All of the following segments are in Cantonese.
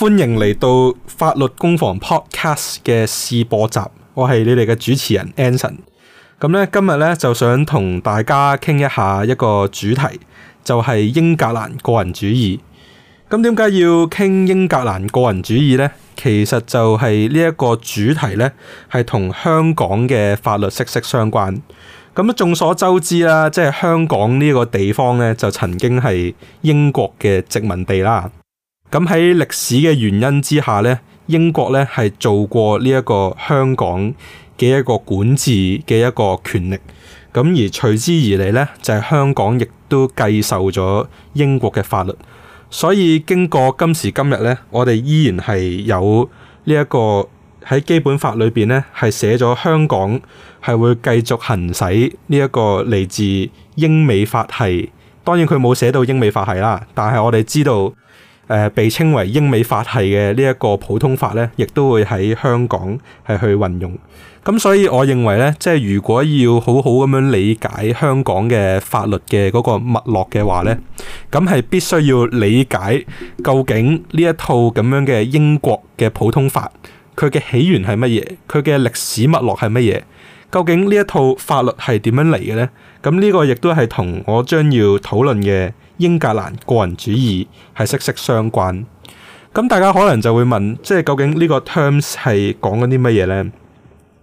歡迎嚟到法律攻防 Podcast 嘅試播集，我係你哋嘅主持人 Anson。咁咧，今日咧就想同大家傾一下一個主題，就係、是、英格蘭個人主義。咁點解要傾英格蘭個人主義咧？其實就係呢一個主題咧，係同香港嘅法律息息相關。咁啊，眾所周知啦，即係香港呢個地方咧，就曾經係英國嘅殖民地啦。咁喺歷史嘅原因之下咧，英國咧係做過呢一個香港嘅一個管治嘅一個權力。咁而隨之而嚟咧，就係、是、香港亦都繼受咗英國嘅法律。所以經過今時今日咧，我哋依然係有呢、這、一個喺基本法裏面咧，係寫咗香港係會繼續行使呢一個嚟自英美法系。當然佢冇寫到英美法系啦，但係我哋知道。誒、呃，被稱為英美法系嘅呢一個普通法咧，亦都會喺香港係去運用。咁所以，我認為咧，即係如果要好好咁樣理解香港嘅法律嘅嗰個脈絡嘅話咧，咁係必須要理解究竟呢一套咁樣嘅英國嘅普通法，佢嘅起源係乜嘢，佢嘅歷史脈絡係乜嘢，究竟呢一套法律係點樣嚟嘅咧？咁呢個亦都係同我將要討論嘅。英格蘭個人主義係息息相關，咁大家可能就會問，即係究竟呢個 terms 係講緊啲乜嘢呢？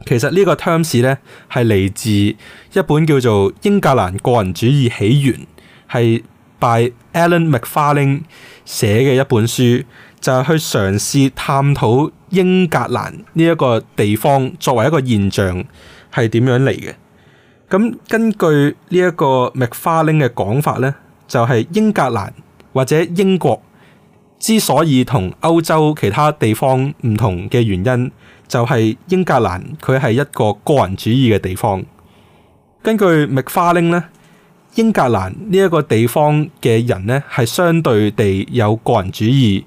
其實呢個 terms 呢，係嚟自一本叫做《英格蘭個人主義起源》，係 by Alan Macfarlane 寫嘅一本書，就係、是、去嘗試探討英格蘭呢一個地方作為一個現象係點樣嚟嘅。咁根據呢一個 Macfarlane 嘅講法呢。就係、是、英格蘭或者英國之所以同歐洲其他地方唔同嘅原因，就係英格蘭佢係一個個人主義嘅地方。根據麥花玲呢，英格蘭呢一個地方嘅人呢係相對地有個人主義，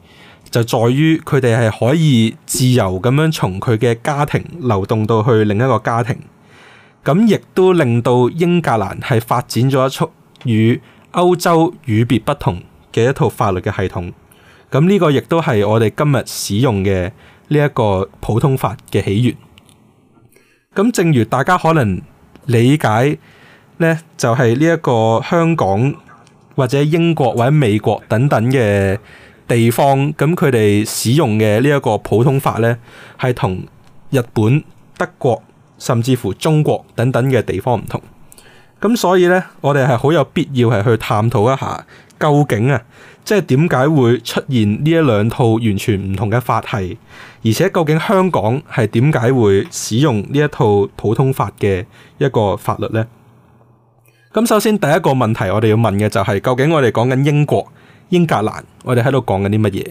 就在於佢哋係可以自由咁樣從佢嘅家庭流動到去另一個家庭。咁亦都令到英格蘭係發展咗一束與歐洲與別不同嘅一套法律嘅系統，咁呢個亦都係我哋今日使用嘅呢一個普通法嘅起源。咁正如大家可能理解呢，就係呢一個香港或者英國或者美國等等嘅地方，咁佢哋使用嘅呢一個普通法呢，係同日本、德國，甚至乎中國等等嘅地方唔同。咁所以咧，我哋係好有必要係去探討一下，究竟啊，即係點解會出現呢一兩套完全唔同嘅法系，而且究竟香港係點解會使用呢一套普通法嘅一個法律呢？咁首先第一個問題我哋要問嘅就係，究竟我哋講緊英國、英格蘭，我哋喺度講緊啲乜嘢？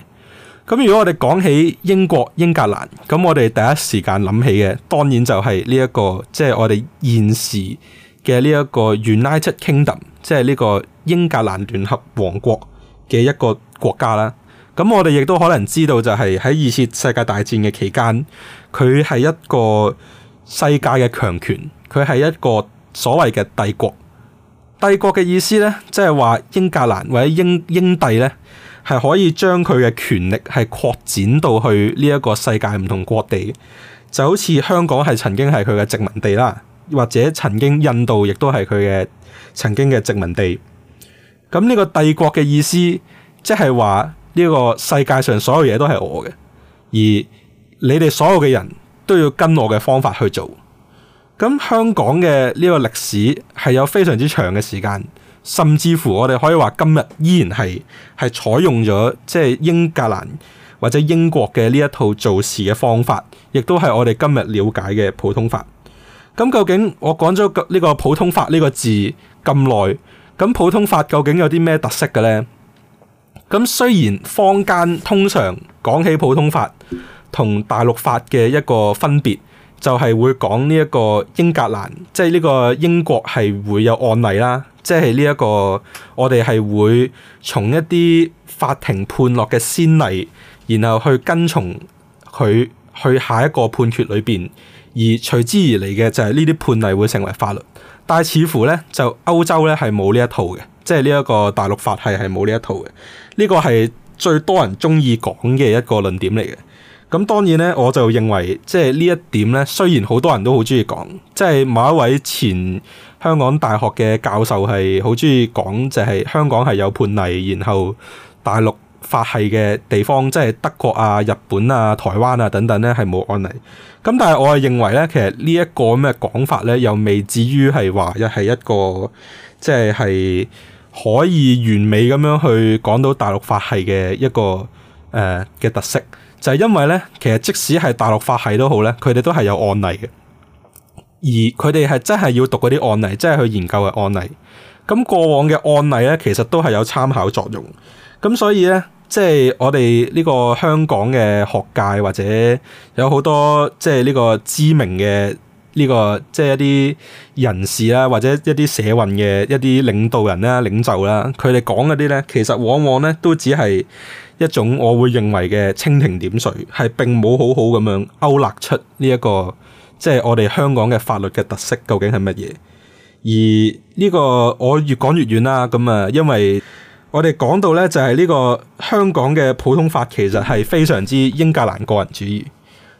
咁如果我哋講起英國、英格蘭，咁我哋第一時間諗起嘅，當然就係呢一個，即係我哋現時。嘅呢一個 United Kingdom，即係呢個英格蘭聯合王國嘅一個國家啦。咁我哋亦都可能知道，就係喺二次世界大戰嘅期間，佢係一個世界嘅強權，佢係一個所謂嘅帝國。帝國嘅意思呢，即係話英格蘭或者英英帝呢，係可以將佢嘅權力係擴展到去呢一個世界唔同國地，就好似香港係曾經係佢嘅殖民地啦。或者曾經印度亦都係佢嘅曾經嘅殖民地，咁呢個帝國嘅意思，即係話呢個世界上所有嘢都係我嘅，而你哋所有嘅人都要跟我嘅方法去做。咁香港嘅呢個歷史係有非常之長嘅時間，甚至乎我哋可以話今日依然係係採用咗即係英格蘭或者英國嘅呢一套做事嘅方法，亦都係我哋今日了解嘅普通法。咁究竟我講咗呢個普通法呢個字咁耐，咁普通法究竟有啲咩特色嘅呢？咁雖然坊間通常講起普通法同大陸法嘅一個分別，就係會講呢一個英格蘭，即係呢個英國係會有案例啦，即係呢一個我哋係會從一啲法庭判落嘅先例，然後去跟從佢去下一個判決裏邊。而隨之而嚟嘅就係呢啲判例會成為法律，但係似乎咧就歐洲咧係冇呢一套嘅，即係呢一個大陸法系係冇呢一套嘅。呢個係最多人中意講嘅一個論點嚟嘅。咁當然咧我就認為即係呢一點咧，雖然好多人都好中意講，即係某一位前香港大學嘅教授係好中意講就係香港係有判例，然後大陸法系嘅地方，即係德國啊、日本啊、台灣啊等等咧，係冇案例。咁但係我係認為咧，其實呢一個咩講法咧，又未至於係話一係一個，即係係可以完美咁樣去講到大陸法系嘅一個誒嘅、呃、特色，就係、是、因為咧，其實即使係大陸法系都好咧，佢哋都係有案例嘅。而佢哋係真係要讀嗰啲案例，即、就、係、是、去研究嘅案例。咁過往嘅案例咧，其實都係有參考作用。咁所以咧，即係我哋呢個香港嘅學界或者有好多即係呢個知名嘅呢個即係一啲人士啦，或者一啲社運嘅一啲領導人啦、領袖啦，佢哋講嗰啲咧，其實往往咧都只係一種我會認為嘅蜻蜓點水，係並冇好好咁樣勾勒出呢一個即係我哋香港嘅法律嘅特色究竟係乜嘢。而呢個我越講越遠啦，咁啊，因為。我哋講到咧，就係呢個香港嘅普通法，其實係非常之英格蘭個人主義。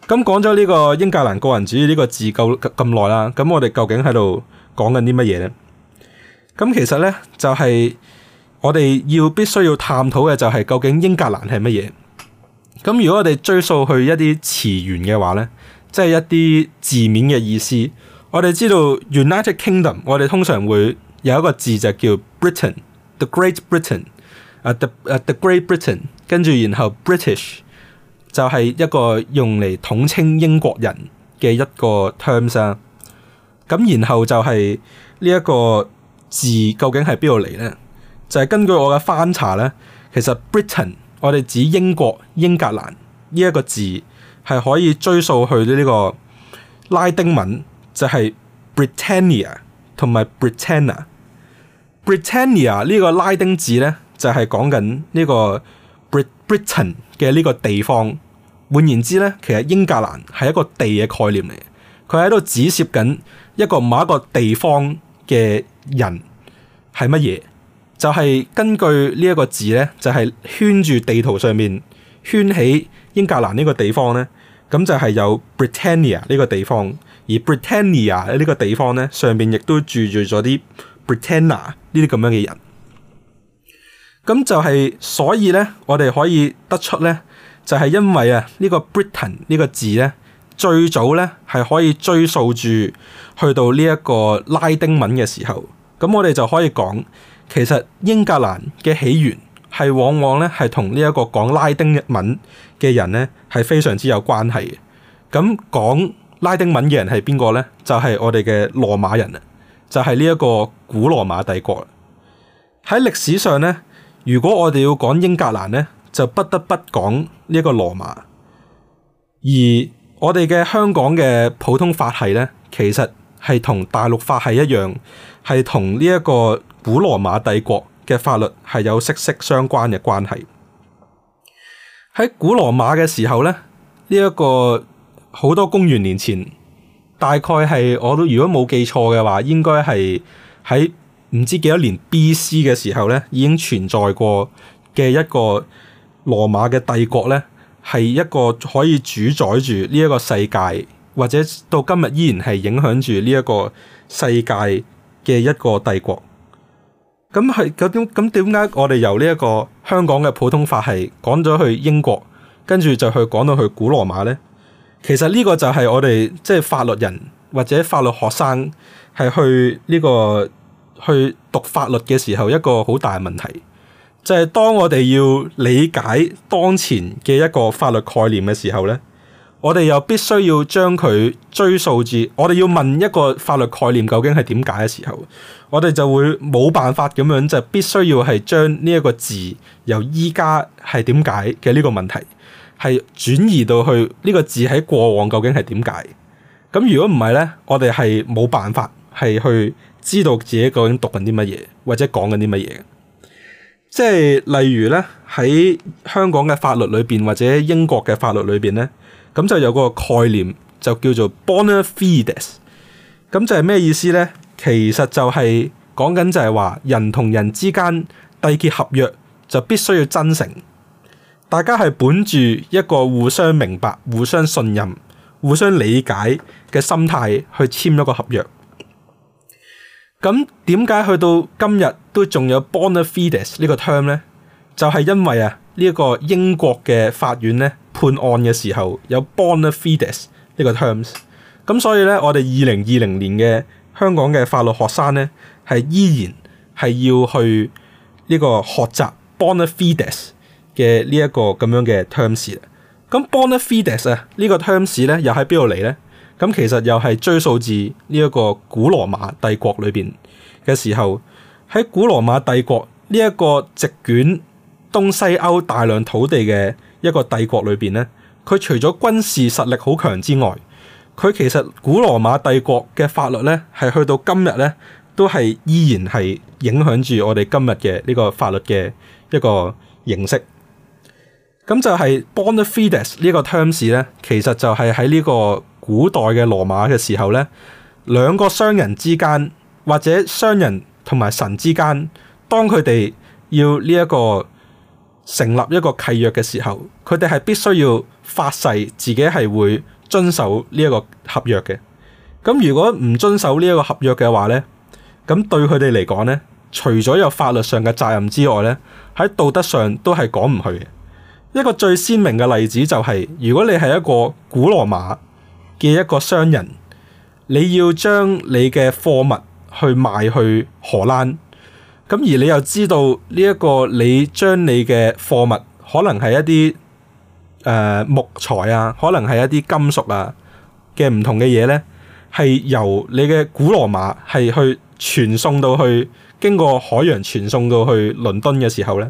咁講咗呢個英格蘭個人主義呢個字夠咁耐啦。咁我哋究竟喺度講緊啲乜嘢呢？咁其實呢，就係我哋要必須要探討嘅就係究竟英格蘭係乜嘢。咁如果我哋追溯去一啲詞源嘅話呢，即係一啲字面嘅意思，我哋知道 United Kingdom，我哋通常會有一個字就叫 Britain。The Great Britain，啊、uh, The uh, The Great Britain，跟住然後 British 就係一個用嚟統稱英國人嘅一個 terms 啊。咁然後就係呢一個字究竟係邊度嚟呢？就係、是、根據我嘅翻查呢，其實 Britain 我哋指英國、英格蘭呢一個字係可以追溯去呢呢個拉丁文，就係、是、Britannia 同埋 Britannia。Britannia 呢個拉丁字咧，就係講緊呢個 Brit, Britain 嘅呢個地方。換言之咧，其實英格蘭係一個地嘅概念嚟嘅。佢喺度指涉緊一個某一個地方嘅人係乜嘢？就係、是、根據呢一個字咧，就係、是、圈住地圖上面圈起英格蘭呢個地方咧。咁就係有 Britannia 呢個地方，而 Britannia 呢個地方咧，上邊亦都住住咗啲 Britannia。呢啲咁樣嘅人，咁就係所以咧，我哋可以得出咧，就係因為啊，呢個 Britain 呢個字咧，最早咧係可以追溯住去到呢一個拉丁文嘅時候，咁我哋就可以講，其實英格蘭嘅起源係往往咧係同呢一個講拉丁文嘅人咧係非常之有關係嘅。咁講拉丁文嘅人係邊個咧？就係我哋嘅羅馬人啊！就係呢一個古羅馬帝國喺歷史上呢，如果我哋要講英格蘭呢，就不得不講呢一個羅馬。而我哋嘅香港嘅普通法系呢，其實係同大陸法系一樣，係同呢一個古羅馬帝國嘅法律係有息息相關嘅關係。喺古羅馬嘅時候呢，呢一個好多公元年前。大概係我都，如果冇記錯嘅話，應該係喺唔知幾多年 B.C. 嘅時候咧，已經存在過嘅一個羅馬嘅帝國咧，係一個可以主宰住呢一個世界，或者到今日依然係影響住呢一個世界嘅一個帝國。咁係咁點，咁點解我哋由呢一個香港嘅普通法系講咗去英國，跟住就去講到去古羅馬咧？其實呢個就係我哋即係法律人或者法律學生係去呢、呢個去讀法律嘅時候一個好大的問題，就係、是、當我哋要理解當前嘅一個法律概念嘅時候咧，我哋又必須要將佢追溯住，我哋要問一個法律概念究竟係點解嘅時候，我哋就會冇辦法咁樣就是、必須要係將呢一個字由依家係點解嘅呢個問題。係轉移到去呢個字喺過往究竟係點解？咁如果唔係呢，我哋係冇辦法係去知道自己究竟讀緊啲乜嘢，或者講緊啲乜嘢。即係例如呢，喺香港嘅法律裏面，或者英國嘅法律裏面呢，咁就有個概念就叫做 bona fides。咁就係咩意思呢？其實就係講緊就係、是、話人同人之間締結合約就必須要真誠。大家係本住一個互相明白、互相信任、互相理解嘅心態去簽一個合約。咁點解去到今日都仲有 Bona Fides 呢個 term 咧？就係因為啊，呢一個英國嘅法院咧，判案嘅時候有 Bona Fides 呢個 terms。咁所以咧，我哋二零二零年嘅香港嘅法律學生咧，係依然係要去呢個學習 Bona Fides。嘅呢一個咁樣嘅 terms 咁 bona fide 啊呢個 terms 咧又喺邊度嚟咧？咁其實又係追溯至呢一個古羅馬帝國裏邊嘅時候，喺古羅馬帝國呢一個席捲東西歐大量土地嘅一個帝國裏邊咧，佢除咗軍事實力好強之外，佢其實古羅馬帝國嘅法律咧係去到今日咧都係依然係影響住我哋今日嘅呢個法律嘅一個形式。咁就係 bona fides 呢個 terms 咧，其實就係喺呢個古代嘅羅馬嘅時候咧，兩個商人之間或者商人同埋神之間，當佢哋要呢一個成立一個契約嘅時候，佢哋係必須要發誓自己係會遵守呢一個合約嘅。咁如果唔遵守呢一個合約嘅話咧，咁對佢哋嚟講咧，除咗有法律上嘅責任之外咧，喺道德上都係講唔去嘅。一個最鮮明嘅例子就係、是，如果你係一個古羅馬嘅一個商人，你要將你嘅貨物去賣去荷蘭，咁而你又知道呢一個你將你嘅貨物可能係一啲誒、呃、木材啊，可能係一啲金屬啊嘅唔同嘅嘢呢，係由你嘅古羅馬係去傳送到去經過海洋傳送到去倫敦嘅時候呢。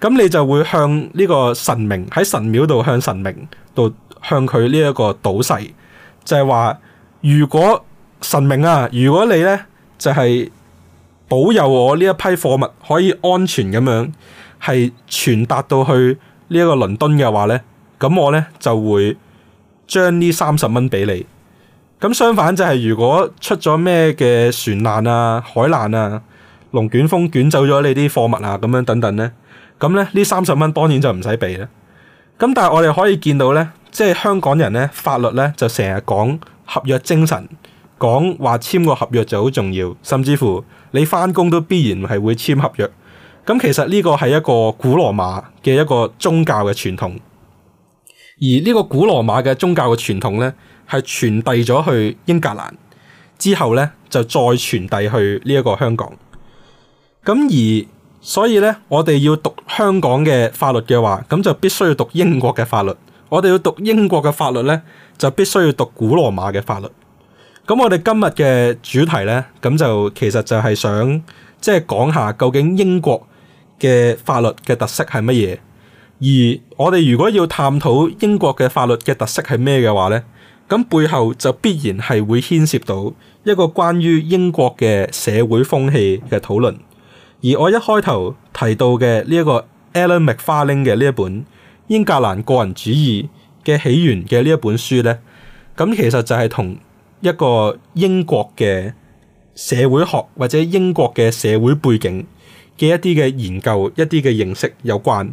咁你就會向呢個神明喺神廟度向神明度向佢呢一個賭誓，就係話如果神明啊，如果你咧就係保佑我呢一批貨物可以安全咁樣係傳達到去呢一個倫敦嘅話咧，咁我咧就會將呢三十蚊俾你。咁相反就係如果出咗咩嘅船難啊、海難啊、龍捲風捲走咗你啲貨物啊，咁樣等等咧。咁咧，呢三十蚊當然就唔使俾啦。咁但係我哋可以見到咧，即係香港人咧，法律咧就成日講合約精神，講話簽個合約就好重要，甚至乎你返工都必然係會簽合約。咁其實呢個係一個古羅馬嘅一個宗教嘅傳統，而呢個古羅馬嘅宗教嘅傳統咧，係傳遞咗去英格蘭，之後咧就再傳遞去呢一個香港。咁而所以咧，我哋要讀香港嘅法律嘅話，咁就必須要讀英國嘅法律。我哋要讀英國嘅法律咧，就必須要讀古羅馬嘅法律。咁我哋今日嘅主題咧，咁就其實就係想即係講下究竟英國嘅法律嘅特色係乜嘢。而我哋如果要探討英國嘅法律嘅特色係咩嘅話咧，咁背後就必然係會牽涉到一個關於英國嘅社會風氣嘅討論。而我一開頭提到嘅呢一個 Alan Macfarlane 嘅呢一本英格蘭個人主義嘅起源嘅呢一本書咧，咁其實就係同一個英國嘅社會學或者英國嘅社會背景嘅一啲嘅研究，一啲嘅認識有關。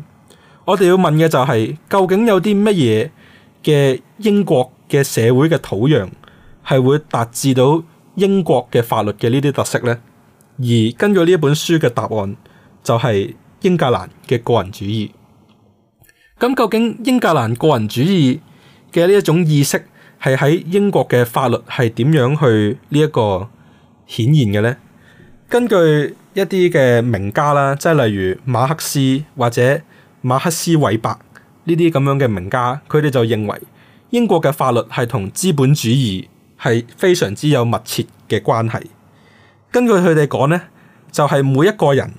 我哋要問嘅就係，究竟有啲乜嘢嘅英國嘅社會嘅土壤係會達至到英國嘅法律嘅呢啲特色咧？而根據呢一本書嘅答案，就係英格蘭嘅個人主義。咁究竟英格蘭個人主義嘅呢一種意識，係喺英國嘅法律係點樣去呢一個顯現嘅咧？根據一啲嘅名家啦，即係例如馬克思或者馬克思韋伯呢啲咁樣嘅名家，佢哋就認為英國嘅法律係同資本主義係非常之有密切嘅關係。根據佢哋講呢就係、是、每一個人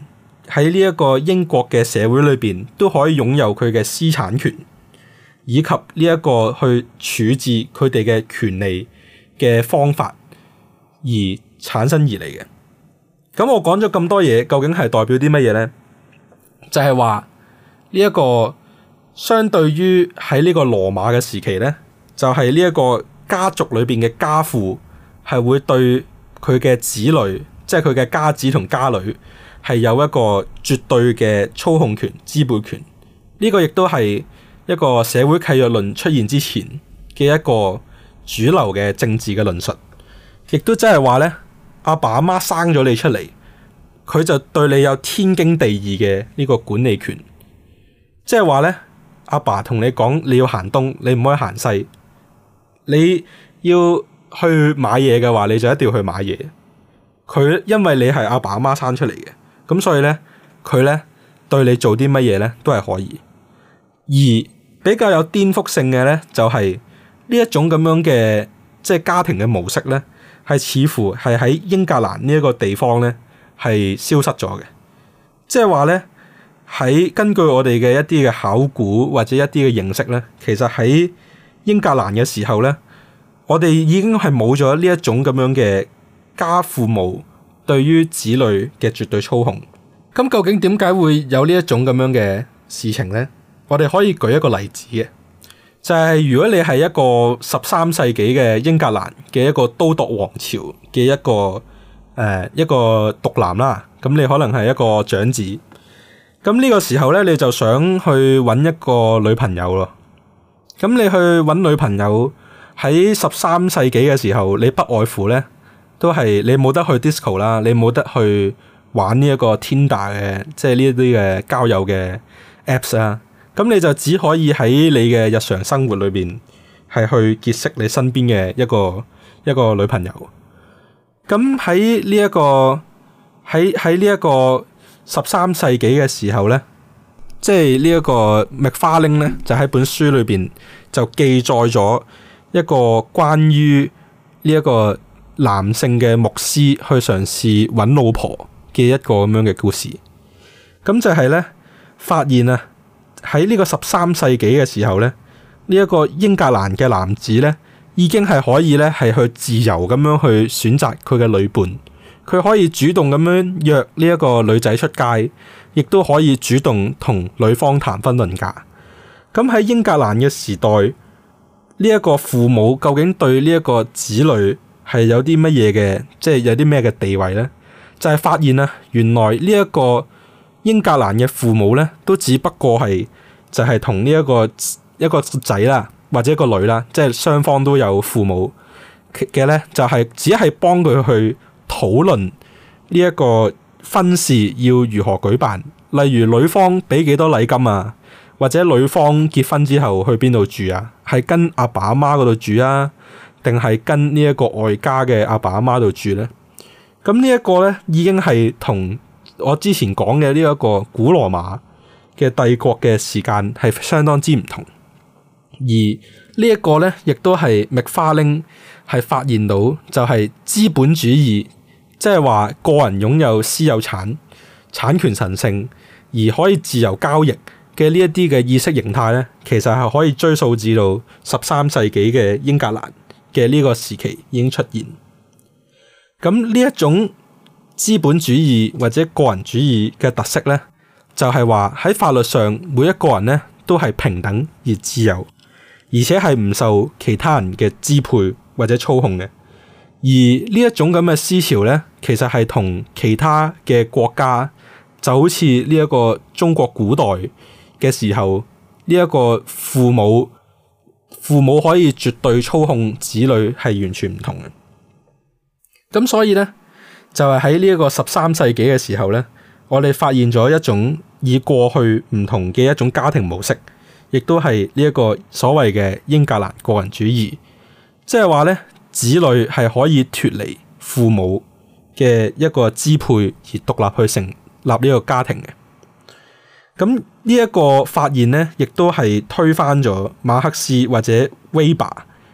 喺呢一個英國嘅社會裏邊都可以擁有佢嘅私產權，以及呢一個去處置佢哋嘅權利嘅方法而產生而嚟嘅。咁我講咗咁多嘢，究竟係代表啲乜嘢呢？就係話呢一個相對於喺呢個羅馬嘅時期呢，就係呢一個家族裏邊嘅家父係會對。佢嘅子女，即係佢嘅家子同家女，係有一個絕對嘅操控權、支配權。呢個亦都係一個社會契約論出現之前嘅一個主流嘅政治嘅論述，亦都即係話咧，阿爸阿媽生咗你出嚟，佢就對你有天經地義嘅呢個管理權，即係話咧，阿爸同你講你要行東，你唔可以行西，你要。去買嘢嘅話，你就一定要去買嘢。佢因為你係阿爸阿媽生出嚟嘅，咁所以呢，佢呢對你做啲乜嘢呢都係可以。而比較有顛覆性嘅呢，就係呢一種咁樣嘅即係家庭嘅模式呢，係似乎係喺英格蘭呢一個地方呢係消失咗嘅。即係話呢，喺根據我哋嘅一啲嘅考古或者一啲嘅認識呢，其實喺英格蘭嘅時候呢。我哋已經係冇咗呢一種咁樣嘅家父母對於子女嘅絕對操控。咁究竟點解會有呢一種咁樣嘅事情呢？我哋可以舉一個例子嘅，就係如果你係一個十三世紀嘅英格蘭嘅一個都鐸王朝嘅一個誒、呃、一個獨男啦，咁你可能係一個長子，咁呢個時候咧你就想去揾一個女朋友咯。咁你去揾女朋友。喺十三世紀嘅時候，你不外乎咧，都係你冇得去 disco 啦，你冇得去玩呢一個 Tinder 嘅，即係呢一啲嘅交友嘅 apps 啊。咁你就只可以喺你嘅日常生活裏面係去結識你身邊嘅一個一個女朋友。咁喺呢一個喺喺呢一個十三世紀嘅時候咧，即係呢一個麥花玲咧，就喺本書裏面就記載咗。一個關於呢一個男性嘅牧師去嘗試揾老婆嘅一個咁樣嘅故事，咁就係呢，發現啊喺呢個十三世紀嘅時候呢，呢、這、一個英格蘭嘅男子呢已經係可以呢係去自由咁樣去選擇佢嘅女伴，佢可以主動咁樣約呢一個女仔出街，亦都可以主動同女方談婚論嫁。咁喺英格蘭嘅時代。呢一個父母究竟對呢一個子女係有啲乜嘢嘅？即係有啲咩嘅地位呢？就係發現啦，原來呢一個英格蘭嘅父母呢，都只不過係就係同呢一個一個仔啦，或者一個女啦，即係雙方都有父母嘅呢，就係只係幫佢去討論呢一個婚事要如何舉辦，例如女方俾幾多禮金啊？或者女方結婚之後去邊度住啊？係跟阿爸阿媽嗰度住啊，定係跟呢一個外家嘅阿爸阿媽度住咧？咁呢一個咧，已經係同我之前講嘅呢一個古羅馬嘅帝國嘅時間係相當之唔同，而呢一個咧，亦都係麥花玲係發現到就係資本主義，即係話個人擁有私有產產權神聖，而可以自由交易。嘅呢一啲嘅意識形態咧，其實係可以追溯至到十三世紀嘅英格蘭嘅呢個時期已經出現。咁呢一種資本主義或者個人主義嘅特色咧，就係話喺法律上每一個人咧都係平等而自由，而且係唔受其他人嘅支配或者操控嘅。而呢一種咁嘅思潮咧，其實係同其他嘅國家就好似呢一個中國古代嘅時候，呢一個父母，父母可以絕對操控子女，係完全唔同嘅。咁所以呢，就係喺呢一個十三世紀嘅時候呢，我哋發現咗一種以過去唔同嘅一種家庭模式，亦都係呢一個所謂嘅英格蘭個人主義，即係話呢，子女係可以脫離父母嘅一個支配而獨立去成立呢個家庭嘅。咁呢一個發現呢，亦都係推翻咗馬克思或者韋伯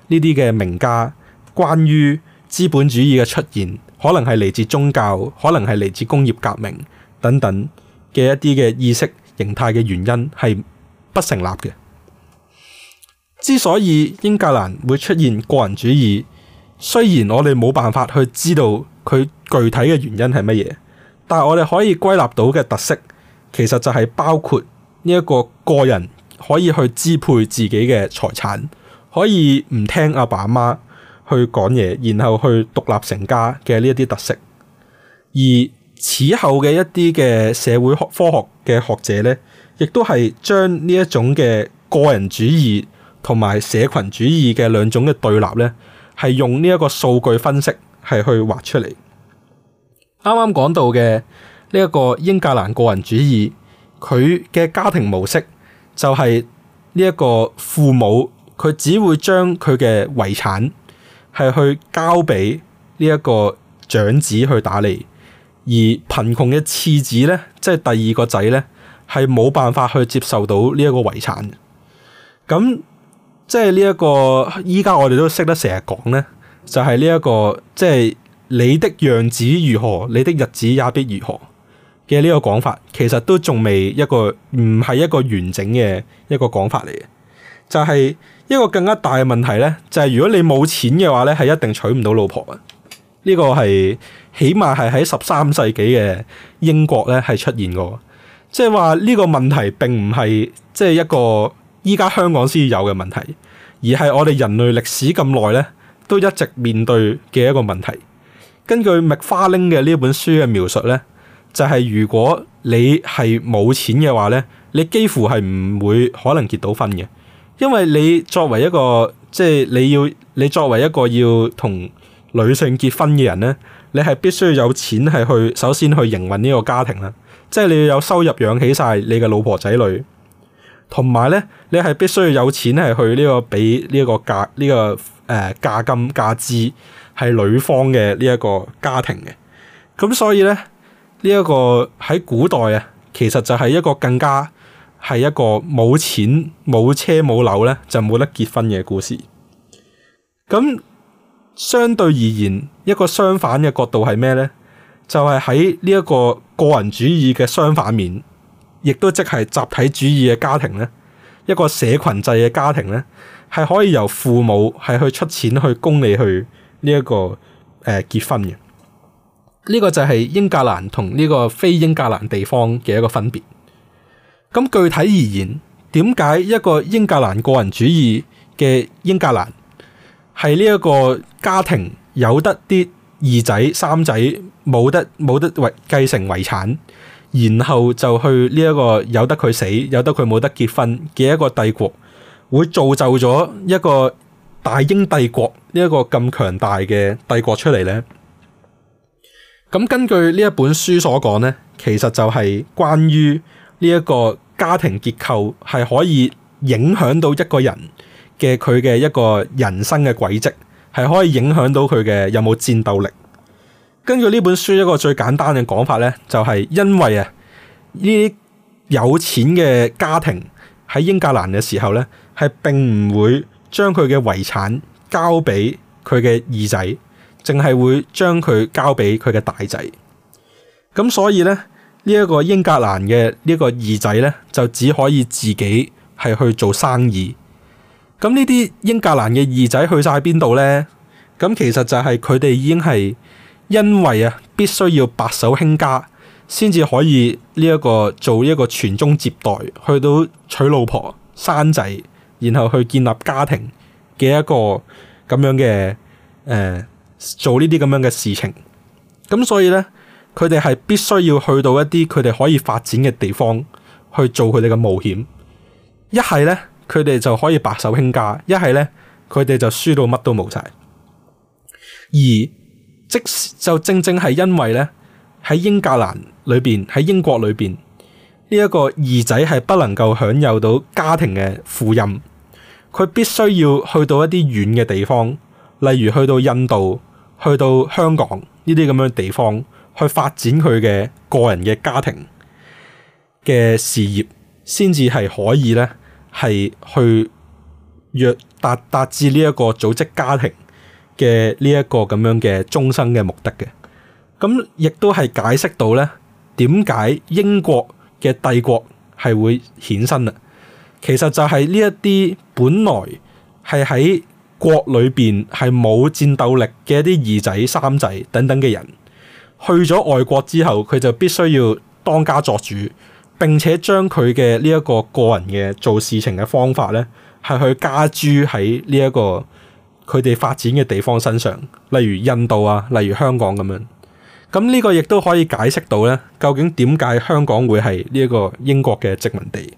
呢啲嘅名家關於資本主義嘅出現，可能係嚟自宗教，可能係嚟自工業革命等等嘅一啲嘅意識形態嘅原因係不成立嘅。之所以英格蘭會出現個人主義，雖然我哋冇辦法去知道佢具體嘅原因係乜嘢，但係我哋可以歸納到嘅特色。其實就係包括呢一個個人可以去支配自己嘅財產，可以唔聽阿爸阿媽去講嘢，然後去獨立成家嘅呢一啲特色。而此後嘅一啲嘅社會科學嘅學者咧，亦都係將呢一種嘅個人主義同埋社群主義嘅兩種嘅對立咧，係用呢一個數據分析係去畫出嚟。啱啱講到嘅。呢、這、一個英格蘭個人主義，佢嘅家庭模式就係呢一個父母佢只會將佢嘅遺產係去交俾呢一個長子去打理，而貧窮嘅次子咧，即係第二個仔咧，係冇辦法去接受到這遺、這個、呢一個遺產。咁即係呢一個依家我哋都識得成日講咧，就係呢一個即係、就是、你的樣子如何，你的日子也必如何。嘅呢個講法其實都仲未一個唔係一個完整嘅一個講法嚟嘅，就係、是、一個更加大嘅問題咧，就係、是、如果你冇錢嘅話咧，係一定娶唔到老婆啊！呢、這個係起碼係喺十三世紀嘅英國咧係出現過的。即係話呢個問題並唔係即係一個依家香港先有嘅問題，而係我哋人類歷史咁耐咧都一直面對嘅一個問題。根據麥花鈴嘅呢本書嘅描述咧。就係、是、如果你係冇錢嘅話咧，你幾乎係唔會可能結到婚嘅，因為你作為一個即係你要你作為一個要同女性結婚嘅人咧，你係必須要有錢係去首先去營運呢個家庭啦，即係你要有收入養起晒你嘅老婆仔女，同埋咧你係必須要有錢係去呢個俾呢個嫁、呢個呢個誒嫁金嫁資係女方嘅呢一個家庭嘅，咁所以咧。呢一個喺古代啊，其實就係一個更加係一個冇錢冇車冇樓咧，就冇得結婚嘅故事。咁相對而言，一個相反嘅角度係咩咧？就係喺呢一個個人主義嘅相反面，亦都即係集體主義嘅家庭咧，一個社群制嘅家庭咧，係可以由父母係去出錢去供你去呢一個誒結婚嘅。呢、這個就係英格蘭同呢個非英格蘭地方嘅一個分別。咁具體而言，點解一個英格蘭個人主義嘅英格蘭，係呢一個家庭有得啲二仔三仔，冇得冇得遺繼承遺產，然後就去呢一個有得佢死，有得佢冇得結婚嘅一個帝國，會造就咗一個大英帝國呢一、這個咁強大嘅帝國出嚟呢？咁根據呢一本書所講呢，其實就係關於呢一個家庭結構係可以影響到一個人嘅佢嘅一個人生嘅軌跡，係可以影響到佢嘅有冇戰鬥力。根據呢本書一個最簡單嘅講法呢，就係因為啊，呢啲有錢嘅家庭喺英格蘭嘅時候呢，係並唔會將佢嘅遺產交俾佢嘅二仔。淨係會將佢交俾佢嘅大仔，咁所以呢，呢一個英格蘭嘅呢個二仔呢，就只可以自己係去做生意。咁呢啲英格蘭嘅二仔去晒邊度呢？咁其實就係佢哋已經係因為啊，必須要白手興家，先至可以呢一個做呢一個傳宗接代，去到娶老婆生仔，然後去建立家庭嘅一個咁樣嘅誒。呃做呢啲咁樣嘅事情，咁所以呢，佢哋係必須要去到一啲佢哋可以發展嘅地方去做佢哋嘅冒險。一係呢，佢哋就可以白手興家；一係呢，佢哋就輸到乜都冇晒。而即就正正係因為呢，喺英格蘭裏邊，喺英國裏邊，呢、這、一個二仔係不能夠享有到家庭嘅父蔭，佢必須要去到一啲遠嘅地方，例如去到印度。去到香港呢啲咁樣地方去發展佢嘅個人嘅家庭嘅事業，先至係可以咧，係去約達達至呢一個組織家庭嘅呢一個咁樣嘅終生嘅目的嘅。咁亦都係解釋到咧，點解英國嘅帝國係會衍生啊？其實就係呢一啲本來係喺。國裏邊係冇戰鬥力嘅一啲二仔三仔等等嘅人，去咗外國之後，佢就必須要當家作主，並且將佢嘅呢一個個人嘅做事情嘅方法咧，係去加諸喺呢一個佢哋發展嘅地方身上，例如印度啊，例如香港咁樣。咁呢個亦都可以解釋到咧，究竟點解香港會係呢一個英國嘅殖民地？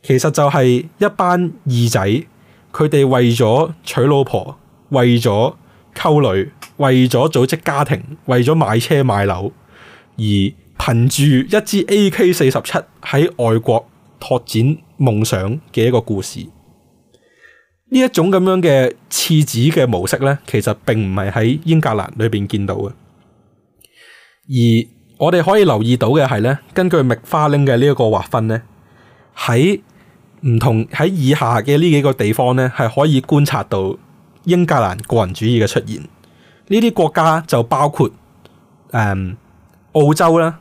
其實就係一班二仔。佢哋為咗娶老婆、為咗溝女、為咗組織家庭、為咗買車買樓，而憑住一支 A.K. 四十七喺外國拓展夢想嘅一個故事，呢一種咁樣嘅次子嘅模式呢，其實並唔係喺英格蘭裏邊見到嘅。而我哋可以留意到嘅係呢，根據麥花鈴嘅呢一個劃分呢。喺。唔同喺以下嘅呢幾個地方呢，係可以觀察到英格蘭個人主義嘅出現。呢啲國家就包括誒、嗯、澳洲啦、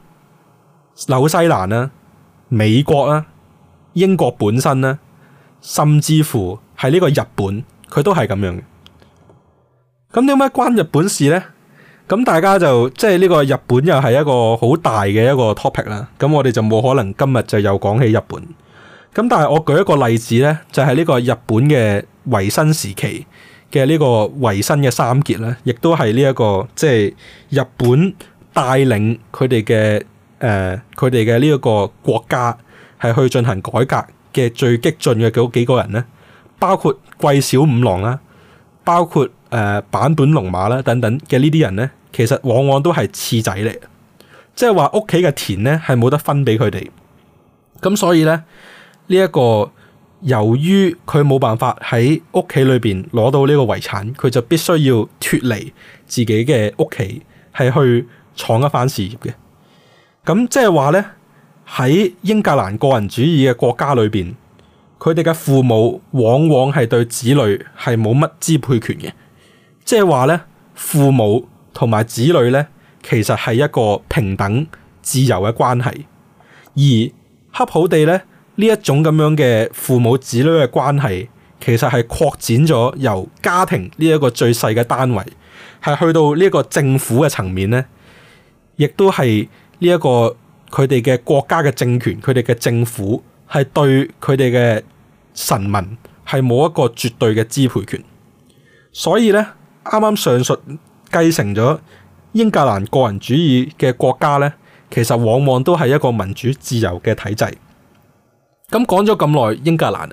紐西蘭啦、美國啦、英國本身啦，甚至乎係呢個日本，佢都係咁樣嘅。咁點解關日本事呢？咁大家就，即係呢個日本又係一個好大嘅一個 topic 啦。咁我哋就冇可能今日就又講起日本。咁但係我舉一個例子咧，就係、是、呢個日本嘅維新時期嘅呢個維新嘅三傑咧，亦都係呢一個即係、就是、日本帶領佢哋嘅誒佢哋嘅呢一個國家係去進行改革嘅最激進嘅嗰幾個人咧，包括桂小五郎啦，包括誒坂、呃、本龍馬啦等等嘅呢啲人咧，其實往往都係次仔嚟，即係話屋企嘅田咧係冇得分俾佢哋，咁所以咧。呢一個由於佢冇辦法喺屋企裏邊攞到呢個遺產，佢就必須要脫離自己嘅屋企，係去闖一番事業嘅。咁即係話呢，喺英格蘭個人主義嘅國家裏邊，佢哋嘅父母往往係對子女係冇乜支配權嘅。即係話呢，父母同埋子女呢，其實係一個平等自由嘅關係。而恰好地呢。呢一種咁樣嘅父母子女嘅關係，其實係擴展咗由家庭呢一個最細嘅單位，係去到呢一個政府嘅層面咧，亦都係呢一個佢哋嘅國家嘅政權，佢哋嘅政府係對佢哋嘅臣民係冇一個絕對嘅支配權。所以咧，啱啱上述繼承咗英格蘭個人主義嘅國家咧，其實往往都係一個民主自由嘅體制。咁講咗咁耐英格蘭，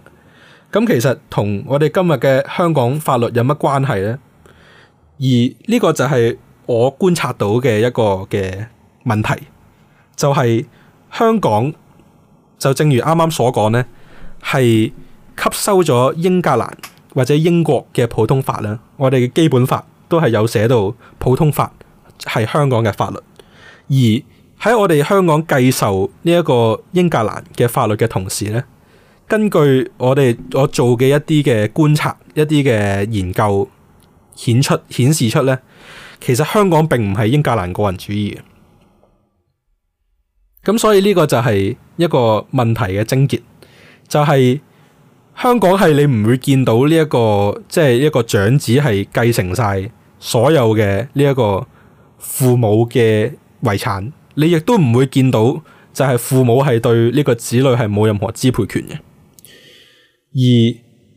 咁其實同我哋今日嘅香港法律有乜關係呢？而呢個就係我觀察到嘅一個嘅問題，就係香港就正如啱啱所講呢，係吸收咗英格蘭或者英國嘅普通法啦。我哋嘅基本法都係有寫到普通法係香港嘅法律，而喺我哋香港繼受呢一個英格蘭嘅法律嘅同時咧，根據我哋我做嘅一啲嘅觀察，一啲嘅研究顯出顯示出咧，其實香港並唔係英格蘭個人主義嘅。咁所以呢個就係一個問題嘅症結，就係香港係你唔會見到呢一個即係一個長子係繼承晒所有嘅呢一個父母嘅遺產。你亦都唔會見到，就係父母係對呢個子女係冇任何支配權嘅。而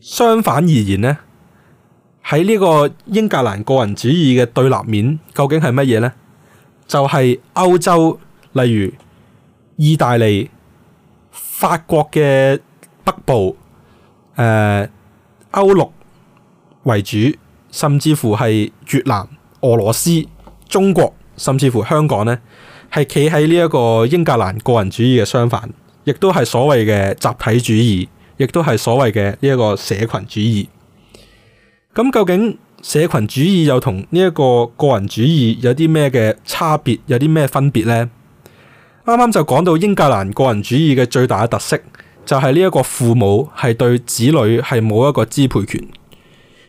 相反而言呢，喺呢個英格蘭個人主義嘅對立面，究竟係乜嘢呢？就係歐洲，例如意大利、法國嘅北部，誒歐陸為主，甚至乎係越南、俄羅斯、中國，甚至乎香港呢。係企喺呢一個英格蘭個人主義嘅相反，亦都係所謂嘅集體主義，亦都係所謂嘅呢一個社群主義。咁究竟社群主義又同呢一個個人主義有啲咩嘅差別，有啲咩分別呢？啱啱就講到英格蘭個人主義嘅最大嘅特色，就係呢一個父母係對子女係冇一個支配權，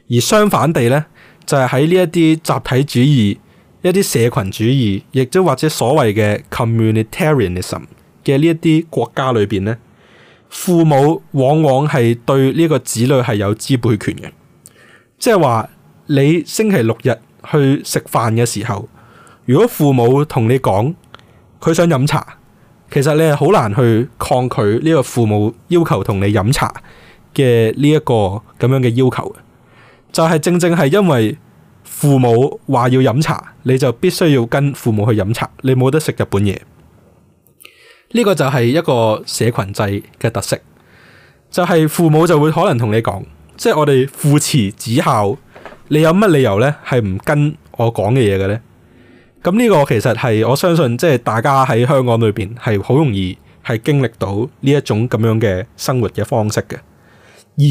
而相反地呢，就係喺呢一啲集體主義。一啲社群主義，亦都或者所謂嘅 communitarianism 嘅呢一啲國家裏邊，咧，父母往往係對呢個子女係有支配權嘅，即係話你星期六日去食飯嘅時候，如果父母同你講佢想飲茶，其實你係好難去抗拒呢個父母要求同你飲茶嘅呢一個咁樣嘅要求就係、是、正正係因為。父母話要飲茶，你就必須要跟父母去飲茶，你冇得食日本嘢。呢個就係一個社群制嘅特色，就係父母就會可能同你講，即係我哋父慈子孝，你有乜理由呢？係唔跟我講嘅嘢嘅呢？」咁呢個其實係我相信，即係大家喺香港裏邊係好容易係經歷到呢一種咁樣嘅生活嘅方式嘅。而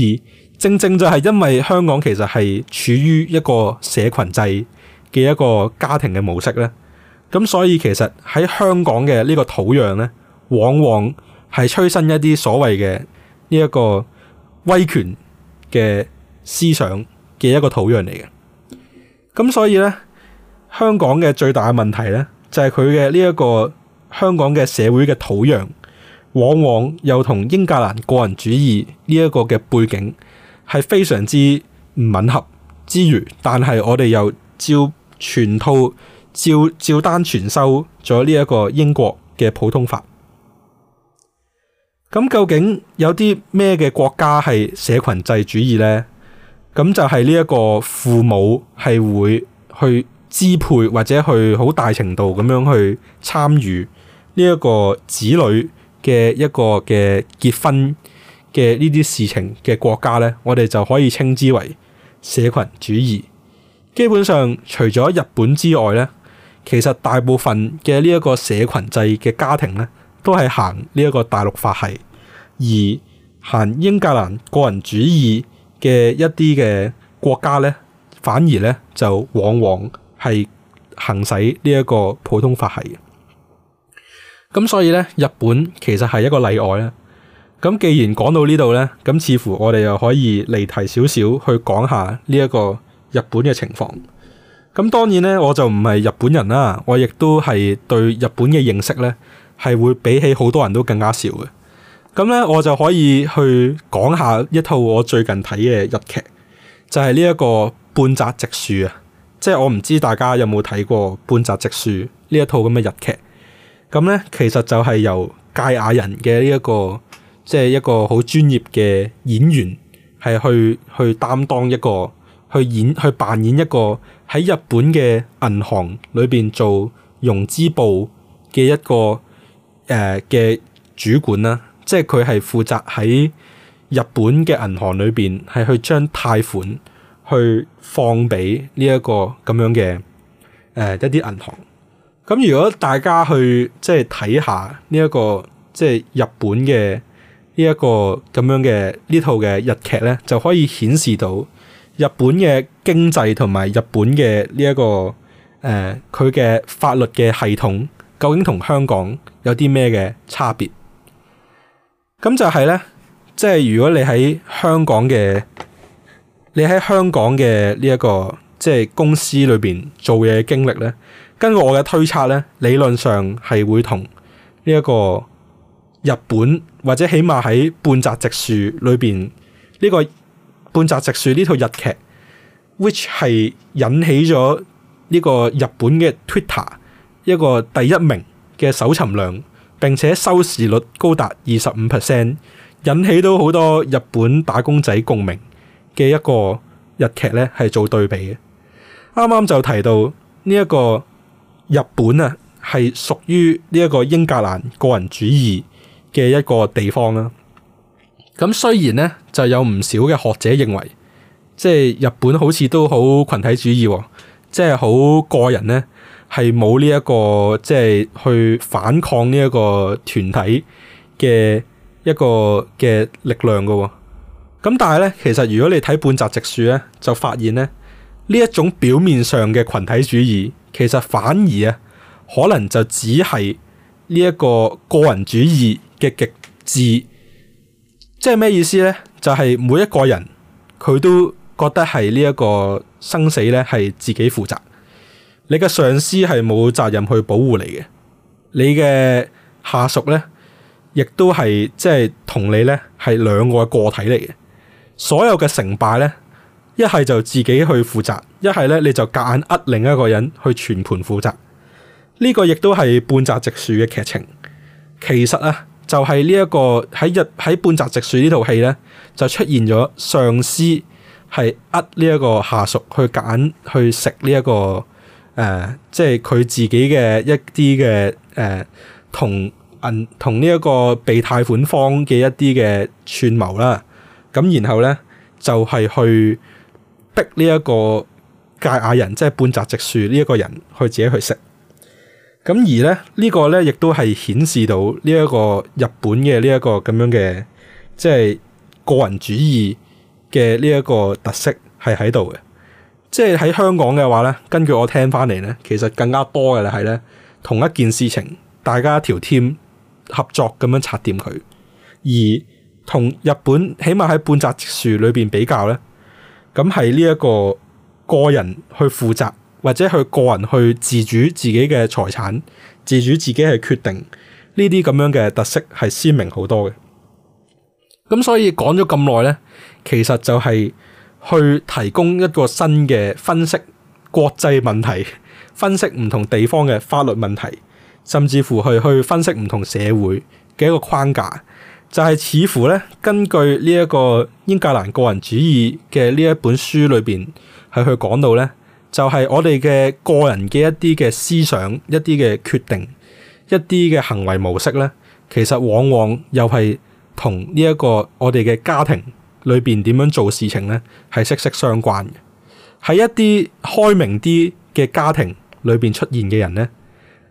正正就係因為香港其實係處於一個社群制嘅一個家庭嘅模式咧，咁所以其實喺香港嘅呢個土壤咧，往往係催生一啲所謂嘅呢一個威權嘅思想嘅一個土壤嚟嘅。咁所以咧，香港嘅最大嘅問題咧，就係佢嘅呢一個香港嘅社會嘅土壤，往往又同英格蘭個人主義呢一個嘅背景，係非常之唔吻合之餘，但係我哋又照全套照照單全收咗呢一個英國嘅普通法。咁究竟有啲咩嘅國家係社群制主義呢？咁就係呢一個父母係會去支配或者去好大程度咁樣去參與呢一個子女嘅一個嘅結婚。嘅呢啲事情嘅國家咧，我哋就可以稱之為社群主義。基本上，除咗日本之外咧，其實大部分嘅呢一個社群制嘅家庭咧，都係行呢一個大陸法系；而行英格蘭個人主義嘅一啲嘅國家咧，反而咧就往往係行使呢一個普通法系嘅。咁所以咧，日本其實，係一個例外啦。咁既然講到呢度咧，咁似乎我哋又可以離題少少去講下呢一個日本嘅情況。咁當然咧，我就唔係日本人啦，我亦都係對日本嘅認識咧係會比起好多人都更加少嘅。咁咧，我就可以去講下一套我最近睇嘅日劇，就係呢一個《半澤直樹》啊。即係我唔知大家有冇睇過《半澤直樹》呢一套咁嘅日劇。咁咧，其實就係由堺雅人嘅呢一個。即係一個好專業嘅演員，係去去擔當一個，去演去扮演一個喺日本嘅銀行裏邊做融資部嘅一個誒嘅、呃、主管啦。即係佢係負責喺日本嘅銀行裏邊，係去將貸款去放俾呢、呃、一個咁樣嘅誒一啲銀行。咁如果大家去即係睇下呢、這、一個即係日本嘅。這個、這這呢一個咁樣嘅呢套嘅日劇咧，就可以顯示到日本嘅經濟同埋日本嘅呢一個誒佢嘅法律嘅系統，究竟同香港有啲咩嘅差別？咁就係咧，即係如果你喺香港嘅，你喺香港嘅呢一個即係公司裏邊做嘢嘅經歷咧，根據我嘅推測咧，理論上係會同呢一個。日本或者起碼喺半澤直樹裏面，呢、呢個半澤直樹呢套日劇，which 係引起咗呢個日本嘅 Twitter 一個第一名嘅搜尋量，並且收視率高達二十五 percent，引起到好多日本打工仔共鳴嘅一個日劇咧，係做對比嘅。啱啱就提到呢一個日本啊，係屬於呢一個英格蘭個人主義。嘅一個地方啦，咁雖然咧，就有唔少嘅學者認為，即係日本好似都好群體主義，即係好個人咧，係冇呢一個即係去反抗呢一個團體嘅一個嘅力量嘅。咁但係咧，其實如果你睇《半澤直樹》咧，就發現咧，呢一種表面上嘅群體主義，其實反而啊，可能就只係。呢、這、一個個人主義嘅極致，即係咩意思呢？就係、是、每一個人佢都覺得係呢一個生死咧係自己負責，你嘅上司係冇責任去保護你嘅，你嘅下屬咧亦都係即係同你咧係兩個個體嚟嘅，所有嘅成敗咧一係就自己去負責，一係咧你就夾硬呃另一個人去全盤負責。呢、這個亦都係半澤直樹嘅劇情，其實啊、這個，就係呢一個喺日喺半澤直樹呢套戲咧，就出現咗上司係呃呢一個下屬去揀去食呢一個誒、呃，即係佢自己嘅一啲嘅誒，同銀同呢一個被貸款方嘅一啲嘅串謀啦。咁然後咧就係、是、去逼呢一個堺雅人，即係半澤直樹呢一個人去自己去食。咁而咧，這個、呢個咧，亦都係顯示到呢一個日本嘅呢一個咁樣嘅，即係個人主義嘅呢一個特色係喺度嘅。即係喺香港嘅話咧，根據我聽翻嚟咧，其實更加多嘅係咧，同一件事情，大家一條 team 合作咁樣拆掂佢，而同日本起碼喺半澤樹裏邊比較咧，咁係呢一個個人去負責。或者去個人去自主自己嘅財產，自主自己去決定，呢啲咁樣嘅特色係鮮明好多嘅。咁所以講咗咁耐咧，其實就係去提供一個新嘅分析國際問題，分析唔同地方嘅法律問題，甚至乎去去分析唔同社會嘅一個框架，就係似乎咧根據呢一個英格蘭個人主義嘅呢一本書裏面，係去講到咧。就係我哋嘅個人嘅一啲嘅思想、一啲嘅決定、一啲嘅行為模式咧，其實往往又係同呢一個我哋嘅家庭裏邊點樣做事情咧，係息息相關嘅。喺一啲開明啲嘅家庭裏邊出現嘅人咧，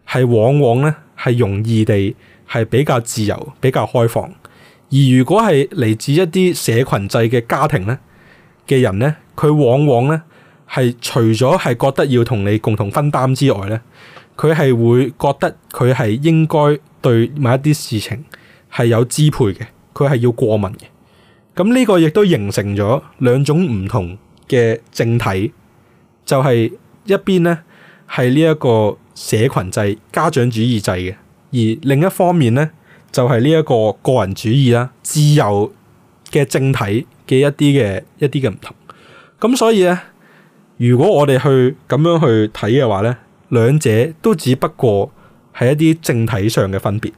係往往咧係容易地係比較自由、比較開放。而如果係嚟自一啲社群制嘅家庭咧嘅人咧，佢往往咧。係除咗係覺得要同你共同分擔之外咧，佢係會覺得佢係應該對某一啲事情係有支配嘅，佢係要過問嘅。咁呢個亦都形成咗兩種唔同嘅政體，就係一邊咧係呢一個社群制家長主義制嘅，而另一方面咧就係呢一個個人主義啦自由嘅政體嘅一啲嘅一啲嘅唔同。咁所以咧。如果我哋去咁樣去睇嘅話咧，兩者都只不過係一啲正體上嘅分別。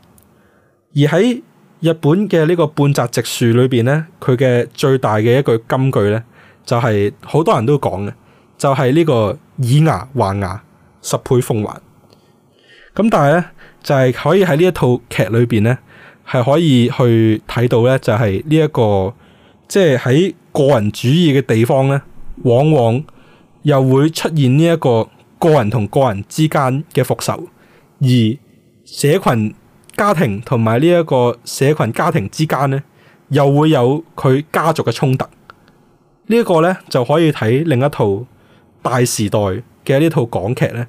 而喺日本嘅呢個半澤直樹裏面呢，咧，佢嘅最大嘅一句金句咧，就係好多人都講嘅，就係呢個以牙還牙，十倍奉還。咁但係咧，就係可以喺呢一套劇裏面咧，係可以去睇到咧，就係呢一個即係喺個人主義嘅地方咧，往往，又會出現呢一個個人同個人之間嘅復仇，而社群家庭同埋呢一個社群家庭之間咧，又會有佢家族嘅衝突。呢一個咧就可以睇另一套大時代嘅呢套港劇咧，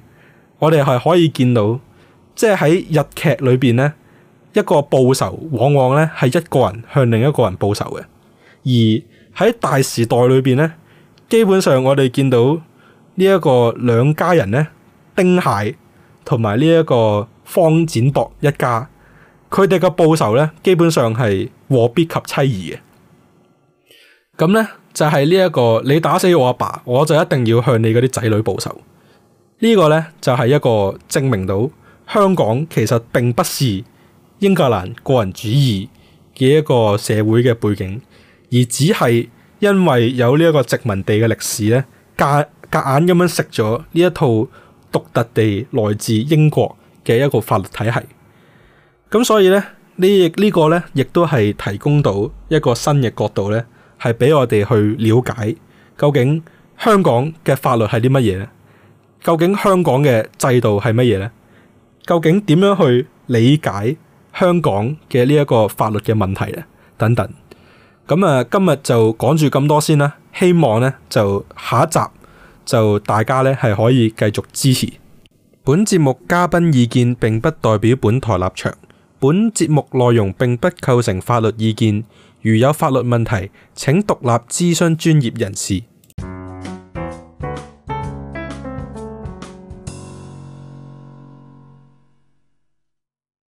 我哋係可以見到，即係喺日劇裏面咧，一個報仇往往咧係一個人向另一個人報仇嘅，而喺大時代裏面咧。基本上我哋見到呢一個兩家人呢，丁蟹同埋呢一個方展博一家，佢哋嘅報仇呢，基本上係禍必及妻兒嘅。咁呢，就係呢一個，你打死我阿爸、爸，我就一定要向你嗰啲仔女報仇。呢、呢個呢，就係、是、一個證明到香港其實並不是英格蘭個人主義嘅一個社會嘅背景，而只係。因為有呢一個殖民地嘅歷史咧，夾硬咁樣食咗呢一套獨特地來自英國嘅一個法律體系，咁所以咧，呢個、呢呢個咧，亦都係提供到一個新嘅角度咧，係俾我哋去了解究竟香港嘅法律係啲乜嘢咧？究竟香港嘅制度係乜嘢咧？究竟點樣去理解香港嘅呢一個法律嘅問題咧？等等。咁啊，今日就講住咁多先啦，希望咧就下一集就大家咧係可以繼續支持本節目。嘉賓意見並不代表本台立場，本節目內容並不構成法律意見。如有法律問題，請獨立諮詢專業人士。